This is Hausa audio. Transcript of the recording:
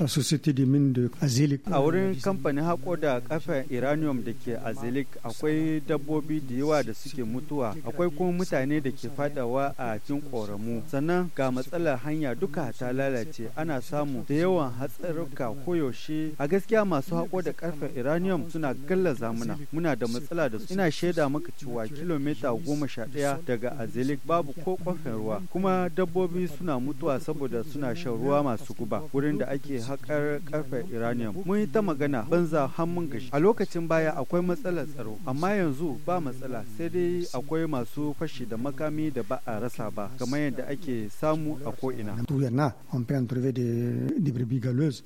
a société de de azelik a wurin kamfanin hako da kafa iranium da ke azelik akwai dabbobi da yawa da suke mutuwa akwai kuma mutane da ke fadawa a cikin koramu sannan ga matsalar hanya duka ta lalace ana samu da yawan hatsarurruka koyaushe a gaskiya masu hako da karfe iranium suna galla zamuna muna da matsala da su ina shaida maka cewa kilomita goma sha ɗaya daga azelik babu ko kwafin ruwa kuma dabbobi suna mutuwa saboda suna shan ruwa masu guba wurin da ake haƙar karfe uranium mun yi ta magana banza hannun gashi a lokacin baya akwai matsalar tsaro amma yanzu ba matsala sai dai akwai masu fashi da makami da ba a rasa ba kamar yadda ake samu a ko'ina